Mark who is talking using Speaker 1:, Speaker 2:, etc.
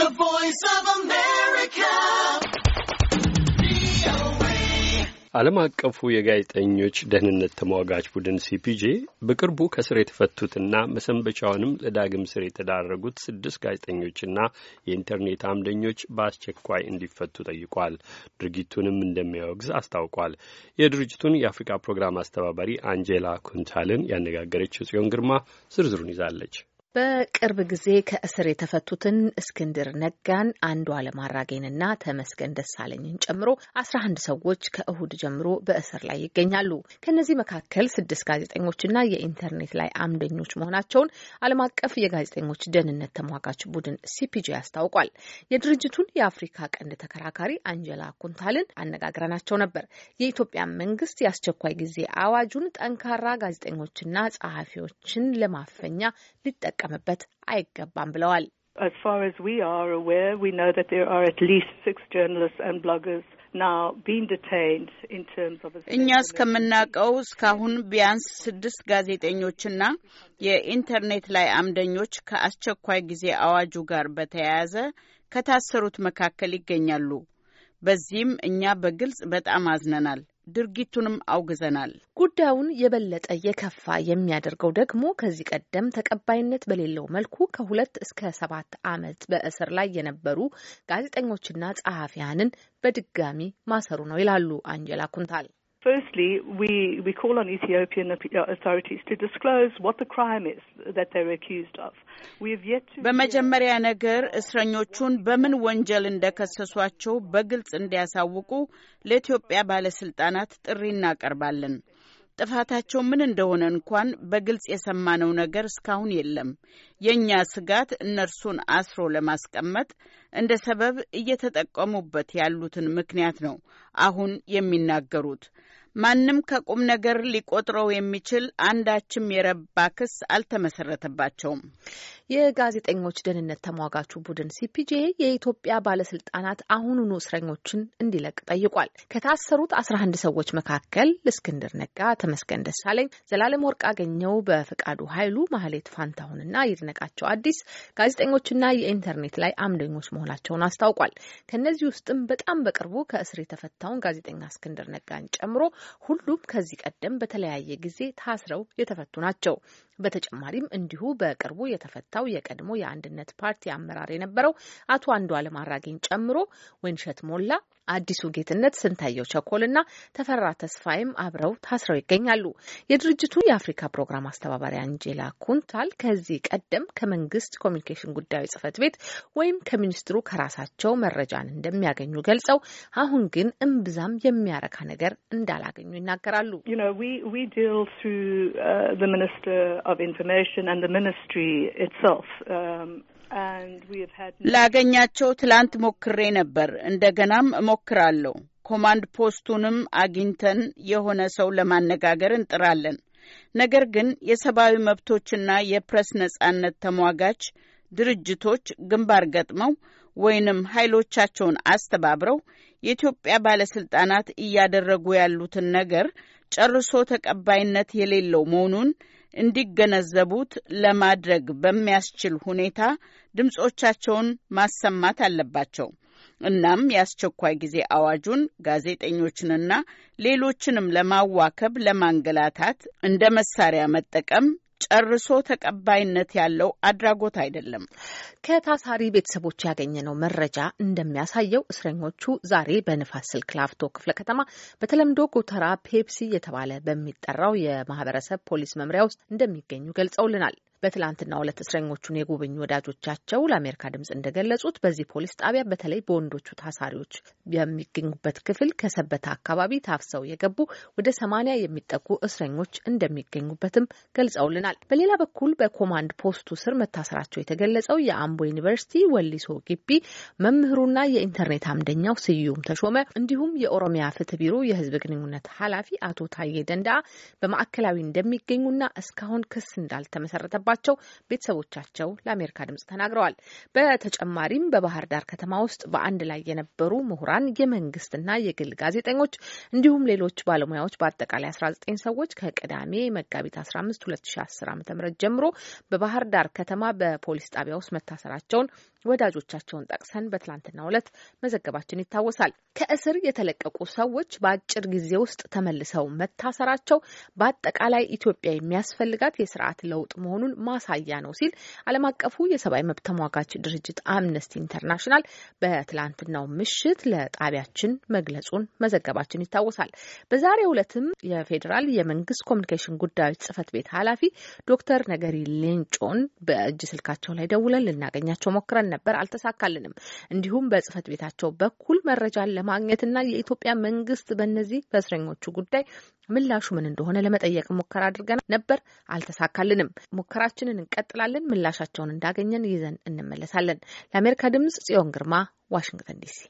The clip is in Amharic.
Speaker 1: The Voice of America. ዓለም አቀፉ የጋዜጠኞች ደህንነት ተሟጋች ቡድን ሲፒጄ በቅርቡ ከስር የተፈቱትና መሰንበቻውንም ለዳግም ስር የተዳረጉት ስድስት ጋዜጠኞችና የኢንተርኔት አምደኞች በአስቸኳይ እንዲፈቱ ጠይቋል። ድርጊቱንም እንደሚያወግዝ አስታውቋል። የድርጅቱን የአፍሪካ ፕሮግራም አስተባባሪ አንጄላ ኩንታልን ያነጋገረችው ጽዮን ግርማ ዝርዝሩን ይዛለች። በቅርብ ጊዜ ከእስር የተፈቱትን እስክንድር ነጋን፣ አንዱዓለም አራጌንና ተመስገን ደሳለኝን ጨምሮ አስራ አንድ ሰዎች ከእሁድ ጀምሮ በእስር ላይ ይገኛሉ። ከእነዚህ መካከል ስድስት ጋዜጠኞችና የኢንተርኔት ላይ አምደኞች መሆናቸውን ዓለም አቀፍ የጋዜጠኞች ደህንነት ተሟጋች ቡድን ሲፒጂ አስታውቋል። የድርጅቱን የአፍሪካ ቀንድ ተከራካሪ አንጀላ ኩንታልን አነጋግረናቸው ነበር። የኢትዮጵያ መንግስት የአስቸኳይ ጊዜ አዋጁን ጠንካራ ጋዜጠኞችና ጸሐፊዎችን ለማፈኛ ሊጠቀም ሊጠቀምበት አይገባም ብለዋል። እኛ
Speaker 2: እስከምናውቀው እስካሁን ቢያንስ ስድስት ጋዜጠኞችና የኢንተርኔት ላይ አምደኞች ከአስቸኳይ ጊዜ አዋጁ ጋር በተያያዘ ከታሰሩት መካከል ይገኛሉ። በዚህም እኛ በግልጽ በጣም አዝነናል። ድርጊቱንም አውግዘናል።
Speaker 1: ጉዳዩን የበለጠ የከፋ የሚያደርገው ደግሞ ከዚህ ቀደም ተቀባይነት በሌለው መልኩ ከሁለት እስከ ሰባት ዓመት በእስር ላይ የነበሩ ጋዜጠኞችና ጸሐፊያንን በድጋሚ ማሰሩ ነው ይላሉ አንጀላ
Speaker 2: ኩንታል። Firstly, we, we call on Ethiopian authorities to disclose what the crime is that they're accused of. We have yet to... በመጀመሪያ ነገር እስረኞቹን በምን ወንጀል እንደከሰሷቸው በግልጽ እንዲያሳውቁ ለኢትዮጵያ ባለስልጣናት ጥሪ እናቀርባለን። ጥፋታቸው ምን እንደሆነ እንኳን በግልጽ የሰማነው ነገር እስካሁን የለም። የእኛ ስጋት እነርሱን አስሮ ለማስቀመጥ እንደ ሰበብ እየተጠቀሙበት ያሉትን ምክንያት ነው አሁን የሚናገሩት። ማንም ከቁም ነገር ሊቆጥረው የሚችል አንዳችም የረባ ክስ አልተመሰረተባቸውም። የጋዜጠኞች ደህንነት ተሟጋቹ ቡድን ሲፒጄ
Speaker 1: የኢትዮጵያ ባለስልጣናት አሁኑኑ እስረኞችን እንዲለቅ ጠይቋል። ከታሰሩት አስራ አንድ ሰዎች መካከል እስክንድር ነጋ፣ ተመስገን ደሳለኝ፣ ዘላለም ወርቅ አገኘው፣ በፈቃዱ ኃይሉ፣ ማህሌት ፋንታሁንና ይድነቃቸው አዲስ ጋዜጠኞችና የኢንተርኔት ላይ አምደኞች መሆናቸውን አስታውቋል። ከእነዚህ ውስጥም በጣም በቅርቡ ከእስር የተፈታውን ጋዜጠኛ እስክንድር ነጋን ጨምሮ ሁሉም ከዚህ ቀደም በተለያየ ጊዜ ታስረው የተፈቱ ናቸው። በተጨማሪም እንዲሁ በቅርቡ የተፈታው የቀድሞ የአንድነት ፓርቲ አመራር የነበረው አቶ አንዱዓለም አራጌን ጨምሮ ወይንሸት ሞላ፣ አዲሱ ጌትነት፣ ስንታየው ቸኮልና ተፈራ ተስፋይም አብረው ታስረው ይገኛሉ። የድርጅቱ የአፍሪካ ፕሮግራም አስተባባሪ አንጄላ ኩንታል ከዚህ ቀደም ከመንግስት ኮሚኒኬሽን ጉዳዮች ጽህፈት ቤት ወይም ከሚኒስትሩ ከራሳቸው መረጃን እንደሚያገኙ ገልጸው አሁን ግን እምብዛም የሚያረካ ነገር እንዳላገኙ ይናገራሉ።
Speaker 2: ላገኛቸው ትላንት ሞክሬ ነበር። እንደገናም እሞክራለሁ። ኮማንድ ፖስቱንም አግኝተን የሆነ ሰው ለማነጋገር እንጥራለን። ነገር ግን የሰብአዊ መብቶችና የፕሬስ ነጻነት ተሟጋች ድርጅቶች ግንባር ገጥመው ወይንም ኃይሎቻቸውን አስተባብረው የኢትዮጵያ ባለስልጣናት እያደረጉ ያሉትን ነገር ጨርሶ ተቀባይነት የሌለው መሆኑን እንዲገነዘቡት ለማድረግ በሚያስችል ሁኔታ ድምጾቻቸውን ማሰማት አለባቸው። እናም የአስቸኳይ ጊዜ አዋጁን ጋዜጠኞችንና ሌሎችንም ለማዋከብ፣ ለማንገላታት እንደ መሳሪያ መጠቀም ጨርሶ ተቀባይነት ያለው አድራጎት አይደለም። ከታሳሪ ቤተሰቦች
Speaker 1: ያገኘነው መረጃ እንደሚያሳየው እስረኞቹ ዛሬ በንፋስ ስልክ ላፍቶ ክፍለ ከተማ በተለምዶ ጎተራ ፔፕሲ የተባለ በሚጠራው የማህበረሰብ ፖሊስ መምሪያ ውስጥ እንደሚገኙ ገልጸውልናል። በትላንትናው ዕለት እስረኞቹን የጎበኙ ወዳጆቻቸው ለአሜሪካ ድምጽ እንደገለጹት በዚህ ፖሊስ ጣቢያ በተለይ በወንዶቹ ታሳሪዎች የሚገኙበት ክፍል ከሰበታ አካባቢ ታፍሰው የገቡ ወደ ሰማኒያ የሚጠጉ እስረኞች እንደሚገኙበትም ገልጸውልናል። በሌላ በኩል በኮማንድ ፖስቱ ስር መታሰራቸው የተገለጸው የአምቦ ዩኒቨርሲቲ ወሊሶ ግቢ መምህሩና የኢንተርኔት አምደኛው ስዩም ተሾመ እንዲሁም የኦሮሚያ ፍትህ ቢሮ የህዝብ ግንኙነት ኃላፊ አቶ ታዬ ደንዳ በማዕከላዊ እንደሚገኙና እስካሁን ክስ እንዳልተመሰረተ እንዳደረባቸው ቤተሰቦቻቸው ለአሜሪካ ድምጽ ተናግረዋል። በተጨማሪም በባህር ዳር ከተማ ውስጥ በአንድ ላይ የነበሩ ምሁራን፣ የመንግስትና የግል ጋዜጠኞች እንዲሁም ሌሎች ባለሙያዎች በአጠቃላይ 19 ሰዎች ከቅዳሜ መጋቢት 15 2010 ዓ.ም ጀምሮ በባህር ዳር ከተማ በፖሊስ ጣቢያ ውስጥ መታሰራቸውን ወዳጆቻቸውን ጠቅሰን በትላንትናው ዕለት መዘገባችን ይታወሳል። ከእስር የተለቀቁ ሰዎች በአጭር ጊዜ ውስጥ ተመልሰው መታሰራቸው በአጠቃላይ ኢትዮጵያ የሚያስፈልጋት የስርዓት ለውጥ መሆኑን ማሳያ ነው ሲል ዓለም አቀፉ የሰብአዊ መብት ተሟጋች ድርጅት አምነስቲ ኢንተርናሽናል በትላንትናው ምሽት ለጣቢያችን መግለጹን መዘገባችን ይታወሳል። በዛሬው ዕለትም የፌዴራል የመንግስት ኮሚኒኬሽን ጉዳዮች ጽህፈት ቤት ኃላፊ ዶክተር ነገሪ ሌንጮን በእጅ ስልካቸው ላይ ደውለን ልናገኛቸው ሞክረን ነበር፣ አልተሳካልንም። እንዲሁም በጽህፈት ቤታቸው በኩል መረጃን ለማግኘትና የኢትዮጵያ መንግስት በእነዚህ በእስረኞቹ ጉዳይ ምላሹ ምን እንደሆነ ለመጠየቅ ሙከራ አድርገን ነበር፣ አልተሳካልንም። ሙከራችንን እንቀጥላለን። ምላሻቸውን እንዳገኘን ይዘን እንመለሳለን። ለአሜሪካ ድምጽ ጽዮን ግርማ ዋሽንግተን ዲሲ